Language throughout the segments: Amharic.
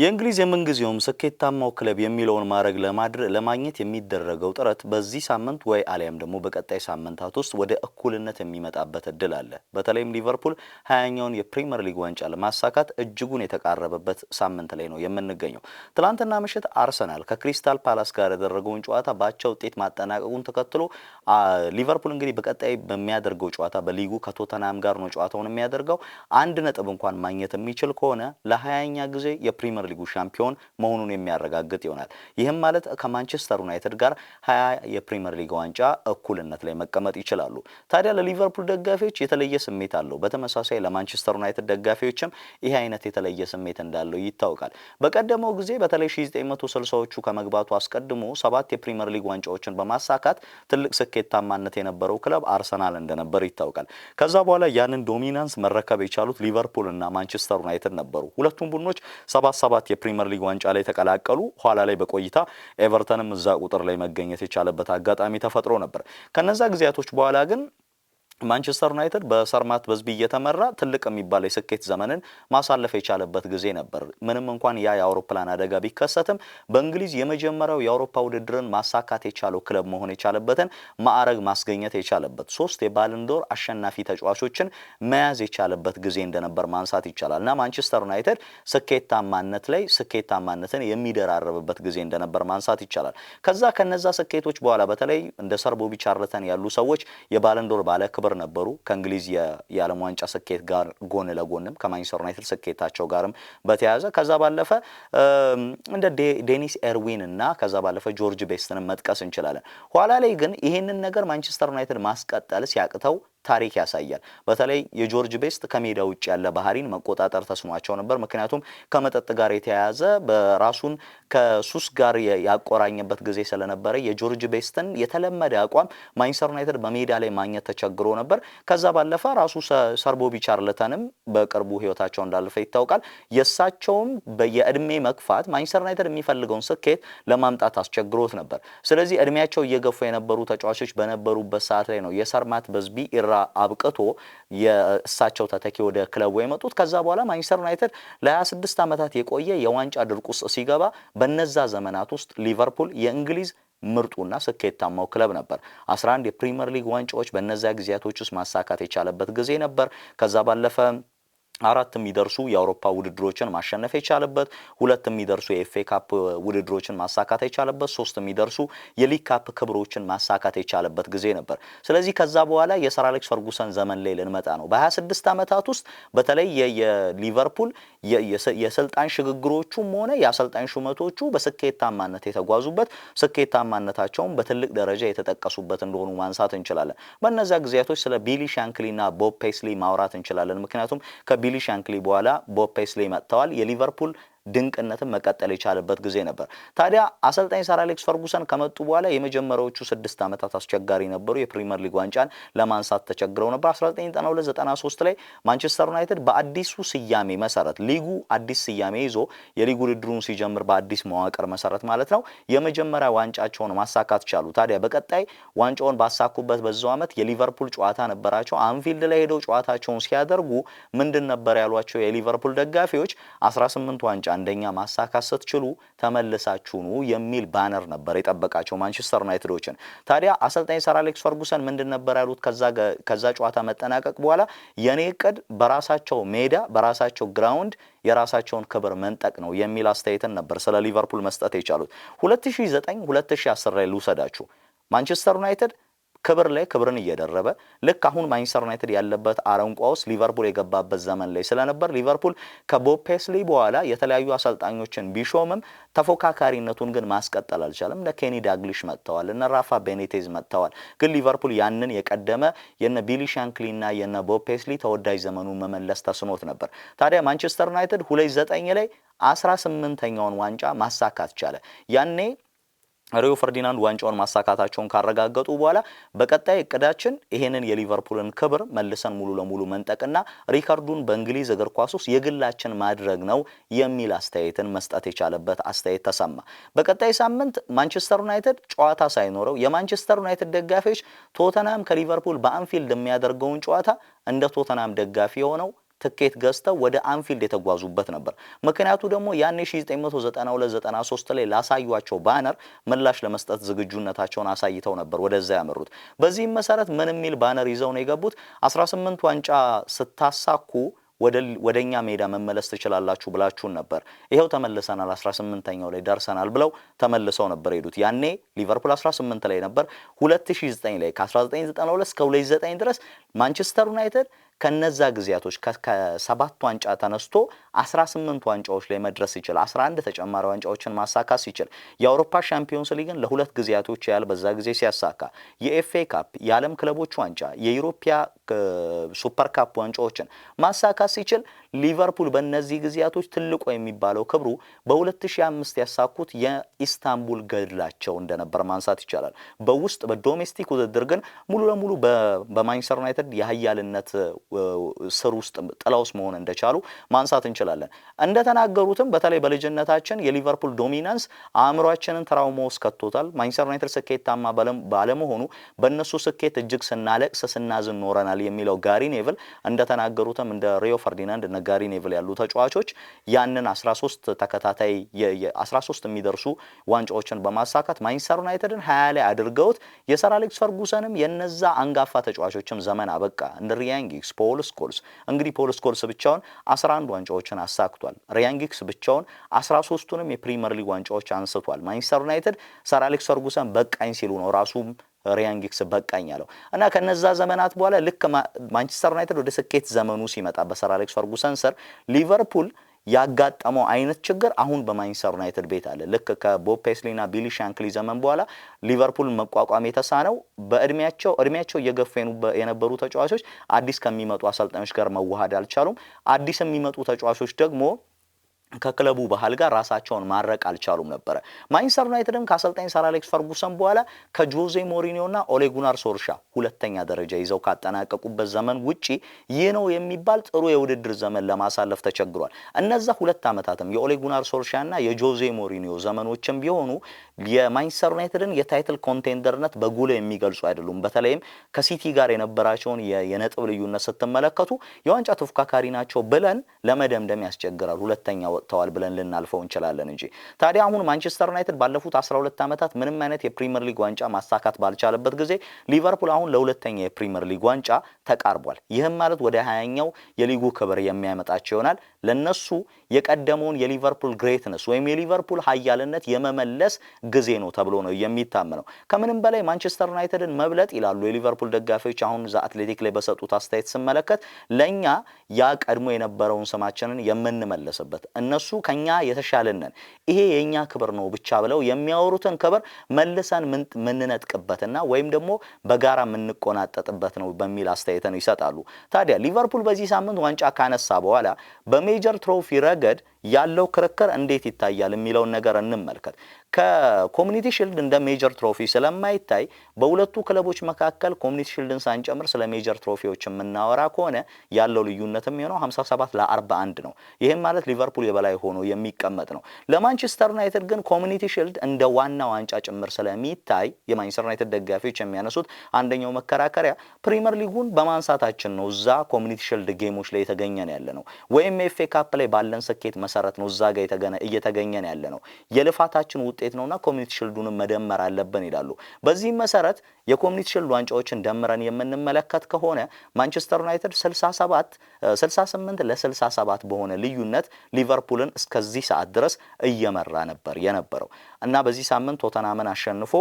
የእንግሊዝ የምንጊዜውም ስኬታማው ክለብ የሚለውን ማዕረግ ለማግኘት የሚደረገው ጥረት በዚህ ሳምንት ወይ አሊያም ደግሞ በቀጣይ ሳምንታት ውስጥ ወደ እኩልነት የሚመጣበት እድል አለ። በተለይም ሊቨርፑል ሀያኛውን የፕሪምየር ሊግ ዋንጫ ለማሳካት እጅጉን የተቃረበበት ሳምንት ላይ ነው የምንገኘው። ትላንትና ምሽት አርሰናል ከክሪስታል ፓላስ ጋር ያደረገውን ጨዋታ በአቻ ውጤት ማጠናቀቁን ተከትሎ ሊቨርፑል እንግዲህ በቀጣይ በሚያደርገው ጨዋታ በሊጉ ከቶተናም ጋር ነው ጨዋታውን የሚያደርገው። አንድ ነጥብ እንኳን ማግኘት የሚችል ከሆነ ለሀያኛ ጊዜ የፕሪምየር የፕሪምየር ሊጉ ሻምፒዮን መሆኑን የሚያረጋግጥ ይሆናል። ይህም ማለት ከማንቸስተር ዩናይትድ ጋር ሀያ የፕሪምየር ሊግ ዋንጫ እኩልነት ላይ መቀመጥ ይችላሉ። ታዲያ ለሊቨርፑል ደጋፊዎች የተለየ ስሜት አለው። በተመሳሳይ ለማንቸስተር ዩናይትድ ደጋፊዎችም ይህ አይነት የተለየ ስሜት እንዳለው ይታወቃል። በቀደመው ጊዜ በተለይ 1960ዎቹ ከመግባቱ አስቀድሞ ሰባት የፕሪምየር ሊግ ዋንጫዎችን በማሳካት ትልቅ ስኬታማነት የነበረው ክለብ አርሰናል እንደነበር ይታወቃል። ከዛ በኋላ ያንን ዶሚናንስ መረከብ የቻሉት ሊቨርፑል እና ማንቸስተር ዩናይትድ ነበሩ። ሁለቱም ቡድኖች ሰባት ሰባት የፕሪምየር ሊግ ዋንጫ ላይ ተቀላቀሉ። ኋላ ላይ በቆይታ ኤቨርተንም እዛ ቁጥር ላይ መገኘት የቻለበት አጋጣሚ ተፈጥሮ ነበር። ከነዛ ጊዜያቶች በኋላ ግን ማንቸስተር ዩናይትድ በሰርማት በዝቢ እየተመራ ትልቅ የሚባል የስኬት ዘመንን ማሳለፍ የቻለበት ጊዜ ነበር። ምንም እንኳን ያ የአውሮፕላን አደጋ ቢከሰትም በእንግሊዝ የመጀመሪያው የአውሮፓ ውድድርን ማሳካት የቻለው ክለብ መሆን የቻለበትን ማዕረግ ማስገኘት የቻለበት ሶስት የባልንዶር አሸናፊ ተጫዋቾችን መያዝ የቻለበት ጊዜ እንደነበር ማንሳት ይቻላል እና ማንቸስተር ዩናይትድ ስኬታማነት ላይ ስኬታማነትን የሚደራረብበት ጊዜ እንደነበር ማንሳት ይቻላል። ከዛ ከነዛ ስኬቶች በኋላ በተለይ እንደ ሰር ቦቢ ቻርልተን ያሉ ሰዎች የባልንዶር ባለክብር ኦቨር ነበሩ። ከእንግሊዝ የዓለም ዋንጫ ስኬት ጋር ጎን ለጎንም ከማንቸስተር ዩናይትድ ስኬታቸው ጋርም በተያያዘ ከዛ ባለፈ እንደ ዴኒስ ኤርዊን እና ከዛ ባለፈ ጆርጅ ቤስትንም መጥቀስ እንችላለን። ኋላ ላይ ግን ይህንን ነገር ማንቸስተር ዩናይትድ ማስቀጠል ሲያቅተው ታሪክ ያሳያል። በተለይ የጆርጅ ቤስት ከሜዳ ውጭ ያለ ባህሪን መቆጣጠር ተስኗቸው ነበር። ምክንያቱም ከመጠጥ ጋር የተያያዘ በራሱን ከሱስ ጋር ያቆራኘበት ጊዜ ስለነበረ የጆርጅ ቤስትን የተለመደ አቋም ማንቸስተር ዩናይትድ በሜዳ ላይ ማግኘት ተቸግሮ ነበር። ከዛ ባለፈ ራሱ ሰር ቦቢ ቻርልተንም በቅርቡ ህይወታቸው እንዳለፈ ይታወቃል። የእሳቸውም የእድሜ መግፋት ማንቸስተር ዩናይትድ የሚፈልገውን ስኬት ለማምጣት አስቸግሮት ነበር። ስለዚህ እድሜያቸው እየገፉ የነበሩ ተጫዋቾች በነበሩበት ሰዓት ላይ ነው የሰርማት በዝቢ እንዲሰራ አብቅቶ የእሳቸው ተተኪ ወደ ክለቡ የመጡት ከዛ በኋላ ማንቸስተር ዩናይትድ ለ26 ዓመታት የቆየ የዋንጫ ድርቅ ውስጥ ሲገባ በነዛ ዘመናት ውስጥ ሊቨርፑል የእንግሊዝ ምርጡና ስኬታማው ክለብ ነበር። 11 የፕሪምየር ሊግ ዋንጫዎች በነዛ ጊዜያቶች ውስጥ ማሳካት የቻለበት ጊዜ ነበር። ከዛ ባለፈ አራት የሚደርሱ የአውሮፓ ውድድሮችን ማሸነፍ የቻለበት፣ ሁለት የሚደርሱ የኤፍኤ ካፕ ውድድሮችን ማሳካት የቻለበት፣ ሶስት የሚደርሱ የሊግ ካፕ ክብሮችን ማሳካት የቻለበት ጊዜ ነበር። ስለዚህ ከዛ በኋላ የሰር አሌክስ ፈርጉሰን ዘመን ላይ ልንመጣ ነው። በ26 ዓመታት ውስጥ በተለይ የሊቨርፑል የስልጣን ሽግግሮቹም ሆነ የአሰልጣኝ ሹመቶቹ በስኬታማነት የተጓዙበት፣ ስኬታማነታቸውን በትልቅ ደረጃ የተጠቀሱበት እንደሆኑ ማንሳት እንችላለን። በእነዚያ ጊዜያቶች ስለ ቢሊ ሻንክሊና ቦብ ፔስሊ ማውራት እንችላለን ምክንያቱም ከቢሊ ሻንክሊ በኋላ ቦብ ፔስሊ መጥተዋል። የሊቨርፑል ድንቅነትን መቀጠል የቻለበት ጊዜ ነበር። ታዲያ አሰልጣኝ ሰር አሌክስ ፈርጉሰን ከመጡ በኋላ የመጀመሪያዎቹ ስድስት ዓመታት አስቸጋሪ ነበሩ። የፕሪምየር ሊግ ዋንጫን ለማንሳት ተቸግረው ነበር። 1992/93 ላይ ማንቸስተር ዩናይትድ በአዲሱ ስያሜ መሰረት ሊጉ አዲስ ስያሜ ይዞ የሊግ ውድድሩን ሲጀምር በአዲስ መዋቅር መሰረት ማለት ነው የመጀመሪያ ዋንጫቸውን ማሳካት ቻሉ። ታዲያ በቀጣይ ዋንጫውን ባሳኩበት በዛው ዓመት የሊቨርፑል ጨዋታ ነበራቸው። አንፊልድ ላይ ሄደው ጨዋታቸውን ሲያደርጉ ምንድን ነበር ያሏቸው የሊቨርፑል ደጋፊዎች 18 ዋንጫ አንደኛ ማሳካት ስትችሉ ተመልሳችሁ ኑ የሚል ባነር ነበር የጠበቃቸው ማንቸስተር ዩናይትዶችን። ታዲያ አሰልጣኝ ሰር አሌክስ ፈርጉሰን ምንድን ነበር ያሉት? ከዛ ጨዋታ መጠናቀቅ በኋላ የኔ እቅድ በራሳቸው ሜዳ በራሳቸው ግራውንድ የራሳቸውን ክብር መንጠቅ ነው የሚል አስተያየትን ነበር ስለ ሊቨርፑል መስጠት የቻሉት። 2009 2010 ላይ ልውሰዳችሁ። ማንቸስተር ዩናይትድ ክብር ላይ ክብርን እየደረበ ልክ አሁን ማንችስተር ዩናይትድ ያለበት አረንቋ ውስጥ ሊቨርፑል የገባበት ዘመን ላይ ስለነበር ሊቨርፑል ከቦብ ፔስሊ በኋላ የተለያዩ አሰልጣኞችን ቢሾምም ተፎካካሪነቱን ግን ማስቀጠል አልቻለም። እነ ኬኒ ዳግሊሽ መጥተዋል፣ እነ ራፋ ቤኔቴዝ መጥተዋል። ግን ሊቨርፑል ያንን የቀደመ የነ ቢሊ ሻንክሊና የነ ቦብ ፔስሊ ተወዳጅ ዘመኑን መመለስ ተስኖት ነበር። ታዲያ ማንችስተር ዩናይትድ ዘጠኝ ላይ 18 ስምንተኛውን ዋንጫ ማሳካት ቻለ። ያኔ ሪዮ ፈርዲናንድ ዋንጫውን ማሳካታቸውን ካረጋገጡ በኋላ በቀጣይ እቅዳችን ይሄንን የሊቨርፑልን ክብር መልሰን ሙሉ ለሙሉ መንጠቅና ሪካርዱን በእንግሊዝ እግር ኳስ ውስጥ የግላችን ማድረግ ነው የሚል አስተያየትን መስጠት የቻለበት አስተያየት ተሰማ። በቀጣይ ሳምንት ማንቸስተር ዩናይትድ ጨዋታ ሳይኖረው የማንቸስተር ዩናይትድ ደጋፊዎች ቶተናም ከሊቨርፑል በአንፊልድ የሚያደርገውን ጨዋታ እንደ ቶተናም ደጋፊ የሆነው ትኬት ገዝተው ወደ አንፊልድ የተጓዙበት ነበር። ምክንያቱ ደግሞ ያኔ 1992/93 ላይ ላሳዩቸው ባነር ምላሽ ለመስጠት ዝግጁነታቸውን አሳይተው ነበር ወደዛ ያመሩት። በዚህም መሰረት ምን የሚል ባነር ይዘው ነው የገቡት? 18 ዋንጫ ስታሳኩ ወደ እኛ ሜዳ መመለስ ትችላላችሁ ብላችሁን ነበር። ይኸው ተመልሰናል፣ 18ኛው ላይ ደርሰናል ብለው ተመልሰው ነበር ሄዱት። ያኔ ሊቨርፑል 18 ላይ ነበር። 2009 ላይ ከ1992 እስከ 2009 ድረስ ማንቸስተር ዩናይትድ ከነዛ ጊዜያቶች ከሰባት ዋንጫ ተነስቶ 18 ዋንጫዎች ላይ መድረስ ሲችል 11 ተጨማሪ ዋንጫዎችን ማሳካት ሲችል የአውሮፓ ሻምፒዮንስ ሊግን ለሁለት ጊዜያቶች ያህል በዛ ጊዜ ሲያሳካ የኤፍኤ ካፕ፣ የዓለም ክለቦች ዋንጫ፣ የኢሮፓ ሱፐር ካፕ ዋንጫዎችን ማሳካት CHL ሊቨርፑል በእነዚህ ጊዜያቶች ትልቁ የሚባለው ክብሩ በ2005 ያሳኩት የኢስታንቡል ገድላቸው እንደነበር ማንሳት ይቻላል። በውስጥ በዶሜስቲክ ውድድር ግን ሙሉ ለሙሉ በማንቸስተር ዩናይትድ የሀያልነት ስር ውስጥ ጥላውስ መሆን እንደቻሉ ማንሳት እንችላለን። እንደተናገሩትም በተለይ በልጅነታችን የሊቨርፑል ዶሚናንስ አእምሯችንን ትራውማ ውስጥ ከቶታል። ማንቸስተር ዩናይትድ ስኬታማ ባለመሆኑ በእነሱ ስኬት እጅግ ስናለቅስ ስናዝን ኖረናል የሚለው ጋሪ ኔቭል እንደተናገሩትም እንደ ሪዮ ፈርዲናንድ ጋሪ ኔቭል ያሉ ተጫዋቾች ያንን 13 ተከታታይ 13 የሚደርሱ ዋንጫዎችን በማሳካት ማንቸስተር ዩናይትድን 20 ላይ አድርገውት የሰር አሌክስ ፈርጉሰንም የነዛ አንጋፋ ተጫዋቾችም ዘመን አበቃ። እንደ ሪያንጊክስ፣ ፖል ስኮልስ እንግዲህ ፖል ስኮልስ ብቻውን 11 ዋንጫዎችን አሳክቷል። ሪያንጊክስ ብቻውን 13ቱንም የፕሪሚየር ሊግ ዋንጫዎች አንስቷል። ማንቸስተር ዩናይትድ ሰር አሌክስ ፈርጉሰን በቃኝ ሲሉ ነው ራሱም ሪያን ጊግስ በቃኝ አለው እና ከነዛ ዘመናት በኋላ ልክ ማንቸስተር ዩናይትድ ወደ ስኬት ዘመኑ ሲመጣ በሰር አሌክስ ፈርጉሰን ስር ሊቨርፑል ያጋጠመው አይነት ችግር አሁን በማንቸስተር ዩናይትድ ቤት አለ። ልክ ከቦብ ፔስሊና ቢሊ ሻንክሊ ዘመን በኋላ ሊቨርፑል መቋቋም የተሳነው በእድሜያቸው እድሜያቸው እየገፉ የነበሩ ተጫዋቾች አዲስ ከሚመጡ አሰልጣኞች ጋር መዋሃድ አልቻሉም። አዲስ የሚመጡ ተጫዋቾች ደግሞ ከክለቡ ባህል ጋር ራሳቸውን ማድረቅ አልቻሉም ነበረ። ማንችስተር ዩናይትድም ከአሰልጣኝ ሰር አሌክስ ፈርጉሰን በኋላ ከጆዜ ሞሪኒዮና ኦሌጉናር ሶርሻ ሁለተኛ ደረጃ ይዘው ካጠናቀቁበት ዘመን ውጪ ይህ ነው የሚባል ጥሩ የውድድር ዘመን ለማሳለፍ ተቸግሯል። እነዛ ሁለት ዓመታትም የኦሌጉናር ሶርሻና የጆዜ ሞሪኒዮ ዘመኖችም ቢሆኑ የማንቸስተር ዩናይትድን የታይትል ኮንቴንደርነት በጉል የሚገልጹ አይደሉም። በተለይም ከሲቲ ጋር የነበራቸውን የነጥብ ልዩነት ስትመለከቱ የዋንጫ ተፎካካሪ ናቸው ብለን ለመደምደም ያስቸግራል። ሁለተኛ ወጥተዋል ብለን ልናልፈው እንችላለን እንጂ ታዲያ አሁን ማንቸስተር ዩናይትድ ባለፉት 12 ዓመታት ምንም አይነት የፕሪምየር ሊግ ዋንጫ ማሳካት ባልቻለበት ጊዜ ሊቨርፑል አሁን ለሁለተኛ የፕሪምየር ሊግ ዋንጫ ተቃርቧል። ይህም ማለት ወደ ሀያኛው የሊጉ ክብር የሚያመጣቸው ይሆናል። ለነሱ የቀደመውን የሊቨርፑል ግሬትነስ ወይም የሊቨርፑል ሀያልነት የመመለስ ጊዜ ነው ተብሎ ነው የሚታመነው። ከምንም በላይ ማንቸስተር ዩናይትድን መብለጥ ይላሉ የሊቨርፑል ደጋፊዎች። አሁን ዛ አትሌቲክ ላይ በሰጡት አስተያየት ስመለከት ለእኛ ያ ቀድሞ የነበረውን ስማችንን የምንመለስበት እነሱ ከኛ የተሻልንን ይሄ የእኛ ክብር ነው ብቻ ብለው የሚያወሩትን ክብር መልሰን ምንነጥቅበትና ወይም ደግሞ በጋራ የምንቆናጠጥበት ነው በሚል ነው ይሰጣሉ። ታዲያ ሊቨርፑል በዚህ ሳምንት ዋንጫ ካነሳ በኋላ በሜጀር ትሮፊ ረገድ ያለው ክርክር እንዴት ይታያል የሚለውን ነገር እንመልከት። ከኮሚኒቲ ሽልድ እንደ ሜጀር ትሮፊ ስለማይታይ በሁለቱ ክለቦች መካከል ኮሚኒቲ ሽልድን ሳንጨምር ስለ ሜጀር ትሮፊዎች የምናወራ ከሆነ ያለው ልዩነት የሚሆነው 57 ለ41 ነው። ይህም ማለት ሊቨርፑል የበላይ ሆኖ የሚቀመጥ ነው። ለማንቸስተር ዩናይትድ ግን ኮሚኒቲ ሽልድ እንደ ዋና ዋንጫ ጭምር ስለሚታይ የማንቸስተር ዩናይትድ ደጋፊዎች የሚያነሱት አንደኛው መከራከሪያ ፕሪምየር ሊጉን በማንሳታችን ነው። እዛ ኮሚኒቲ ሽልድ ጌሞች ላይ የተገኘን ያለ ነው ወይም ኤፍ ኤ ካፕ ላይ ባለን ስኬት መሰረት ነው፣ እዛ ጋር እየተገኘን ያለ ነው፣ የልፋታችን ውጤት ነውና ኮሚኒቲ ሽልዱንም መደመር አለብን ይላሉ። በዚህም መሰረት የኮሚኒቲ ሽልድ ዋንጫዎችን ደምረን የምንመለከት ከሆነ ማንቸስተር ዩናይትድ 67 68 ለ67 በሆነ ልዩነት ሊቨርፑልን እስከዚህ ሰዓት ድረስ እየመራ ነበር የነበረው እና በዚህ ሳምንት ቶተናምን አሸንፎ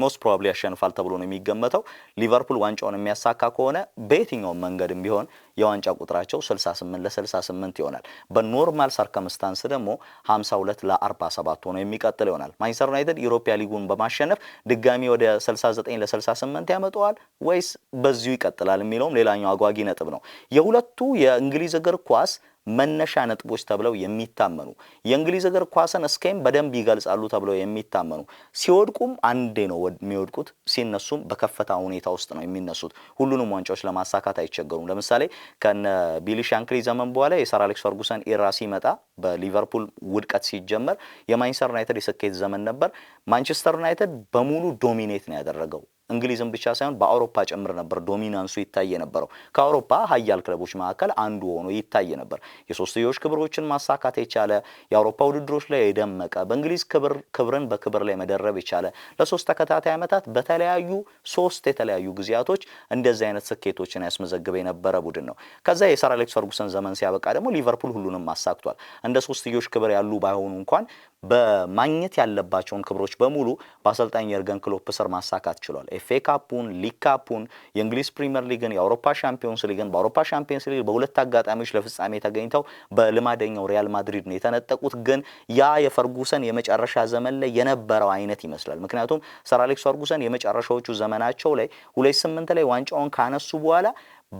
ሞስት ፕሮባብሊ ያሸንፋል ተብሎ ነው የሚገመተው። ሊቨርፑል ዋንጫውን የሚያሳካ ከሆነ በየትኛውም መንገድም ቢሆን የዋንጫ ቁጥራቸው 68 ለ68 ይሆናል። በኖርማል ሰርከምስታንስ ደግሞ 52 ለ47 ሆኖ የሚቀጥል ይሆናል። ማንቸስተር ዩናይትድ ዩሮፓ ሊጉን በማሸነፍ ድጋሚ ወደ 69 ለ68 ያመጣዋል ወይስ በዚሁ ይቀጥላል የሚለውም ሌላኛው አጓጊ ነጥብ ነው። የሁለቱ የእንግሊዝ እግር ኳስ መነሻ ነጥቦች ተብለው የሚታመኑ የእንግሊዝ እግር ኳስን እስኬም በደንብ ይገልጻሉ ተብለው የሚታመኑ ሲወድቁም አንዴ ነው የሚወድቁት፣ ሲነሱም በከፍታ ሁኔታ ውስጥ ነው የሚነሱት። ሁሉንም ዋንጫዎች ለማሳካት አይቸገሩም። ለምሳሌ ከነ ቢሊ ሻንክሊ ዘመን በኋላ የሰር አሌክስ ፈርጉሰን ኢራ ሲመጣ በሊቨርፑል ውድቀት ሲጀመር የማንቸስተር ዩናይትድ የስኬት ዘመን ነበር። ማንቸስተር ዩናይትድ በሙሉ ዶሚኔት ነው ያደረገው። እንግሊዝም ብቻ ሳይሆን በአውሮፓ ጭምር ነበር ዶሚናንሱ ይታየ ነበረው። ከአውሮፓ ሀያል ክለቦች መካከል አንዱ ሆኖ ይታየ ነበር። የሶስትዮሽ ክብሮችን ማሳካት የቻለ የአውሮፓ ውድድሮች ላይ የደመቀ በእንግሊዝ ክብር ክብርን በክብር ላይ መደረብ የቻለ ለሶስት ተከታታይ ዓመታት በተለያዩ ሶስት የተለያዩ ጊዜያቶች እንደዚህ አይነት ስኬቶችን ያስመዘግበ የነበረ ቡድን ነው። ከዛ የሰር አሌክስ ፈርጉሰን ዘመን ሲያበቃ ደግሞ ሊቨርፑል ሁሉንም አሳክቷል። እንደ ሶስትዮሽ ክብር ያሉ ባይሆኑ እንኳን በማግኘት ያለባቸውን ክብሮች በሙሉ በአሰልጣኝ የርገን ክሎፕ ስር ማሳካት ችሏል። ኤፍኤ ካፑን፣ ሊግ ካፑን፣ የእንግሊዝ ፕሪምየር ሊግን፣ የአውሮፓ ሻምፒዮንስ ሊግን። በአውሮፓ ሻምፒዮንስ ሊግ በሁለት አጋጣሚዎች ለፍጻሜ ተገኝተው በልማደኛው ሪያል ማድሪድ ነው የተነጠቁት። ግን ያ የፈርጉሰን የመጨረሻ ዘመን ላይ የነበረው አይነት ይመስላል። ምክንያቱም ሰር አሌክስ ፈርጉሰን የመጨረሻዎቹ ዘመናቸው ላይ ሁለት ስምንት ላይ ዋንጫውን ካነሱ በኋላ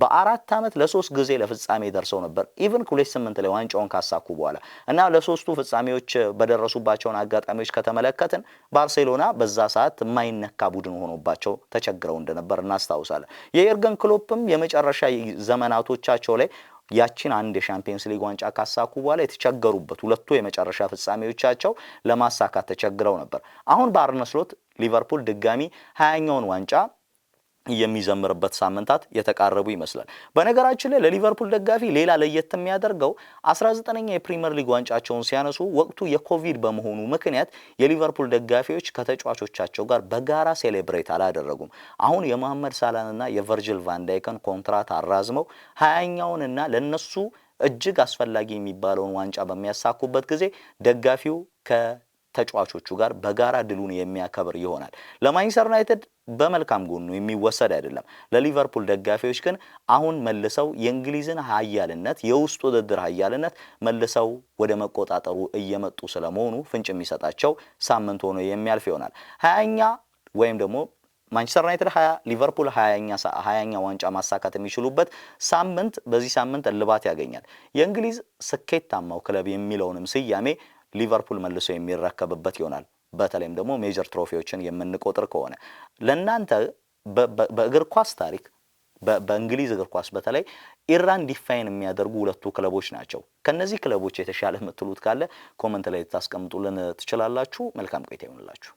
በአራት ዓመት ለሶስት ጊዜ ለፍጻሜ ደርሰው ነበር። ኢቭን ሁለት ስምንት ላይ ዋንጫውን ካሳኩ በኋላ እና ለሶስቱ ፍጻሜዎች በደረሱባቸውን አጋጣሚዎች ከተመለከትን ባርሴሎና በዛ ሰዓት የማይነካ ቡድን ሆኖባቸው ተቸግረው እንደነበር እናስታውሳለን። የኤርገን ክሎፕም የመጨረሻ ዘመናቶቻቸው ላይ ያችን አንድ የሻምፒየንስ ሊግ ዋንጫ ካሳኩ በኋላ የተቸገሩበት ሁለቱ የመጨረሻ ፍጻሜዎቻቸው ለማሳካት ተቸግረው ነበር። አሁን በአርነ ስሎት ሊቨርፑል ድጋሚ ሀያኛውን ዋንጫ የሚዘምርበት ሳምንታት የተቃረቡ ይመስላል። በነገራችን ላይ ለሊቨርፑል ደጋፊ ሌላ ለየት የሚያደርገው 19ኛ የፕሪምየር ሊግ ዋንጫቸውን ሲያነሱ ወቅቱ የኮቪድ በመሆኑ ምክንያት የሊቨርፑል ደጋፊዎች ከተጫዋቾቻቸው ጋር በጋራ ሴሌብሬት አላደረጉም። አሁን የመሐመድ ሳላንና የቨርጅል ቫንዳይከን ኮንትራት አራዝመው ሀያኛውንና ለነሱ እጅግ አስፈላጊ የሚባለውን ዋንጫ በሚያሳኩበት ጊዜ ደጋፊው ከ ተጫዋቾቹ ጋር በጋራ ድሉን የሚያከብር ይሆናል። ለማንቸስተር ዩናይትድ በመልካም ጎኑ የሚወሰድ አይደለም። ለሊቨርፑል ደጋፊዎች ግን አሁን መልሰው የእንግሊዝን ኃያልነት የውስጥ ውድድር ኃያልነት መልሰው ወደ መቆጣጠሩ እየመጡ ስለመሆኑ ፍንጭ የሚሰጣቸው ሳምንት ሆኖ የሚያልፍ ይሆናል። ሀያኛ ወይም ደግሞ ማንቸስተር ዩናይትድ ሀያ ሊቨርፑል ሀያኛ ዋንጫ ማሳካት የሚችሉበት ሳምንት በዚህ ሳምንት እልባት ያገኛል። የእንግሊዝ ስኬታማው ክለብ የሚለውንም ስያሜ ሊቨርፑል መልሶ የሚረከብበት ይሆናል። በተለይም ደግሞ ሜጀር ትሮፊዎችን የምንቆጥር ከሆነ ለእናንተ በእግር ኳስ ታሪክ በእንግሊዝ እግር ኳስ በተለይ ኢራን ዲፋይን የሚያደርጉ ሁለቱ ክለቦች ናቸው። ከነዚህ ክለቦች የተሻለ የምትሉት ካለ ኮመንት ላይ ልታስቀምጡልን ትችላላችሁ። መልካም ቆይታ ይሆንላችሁ።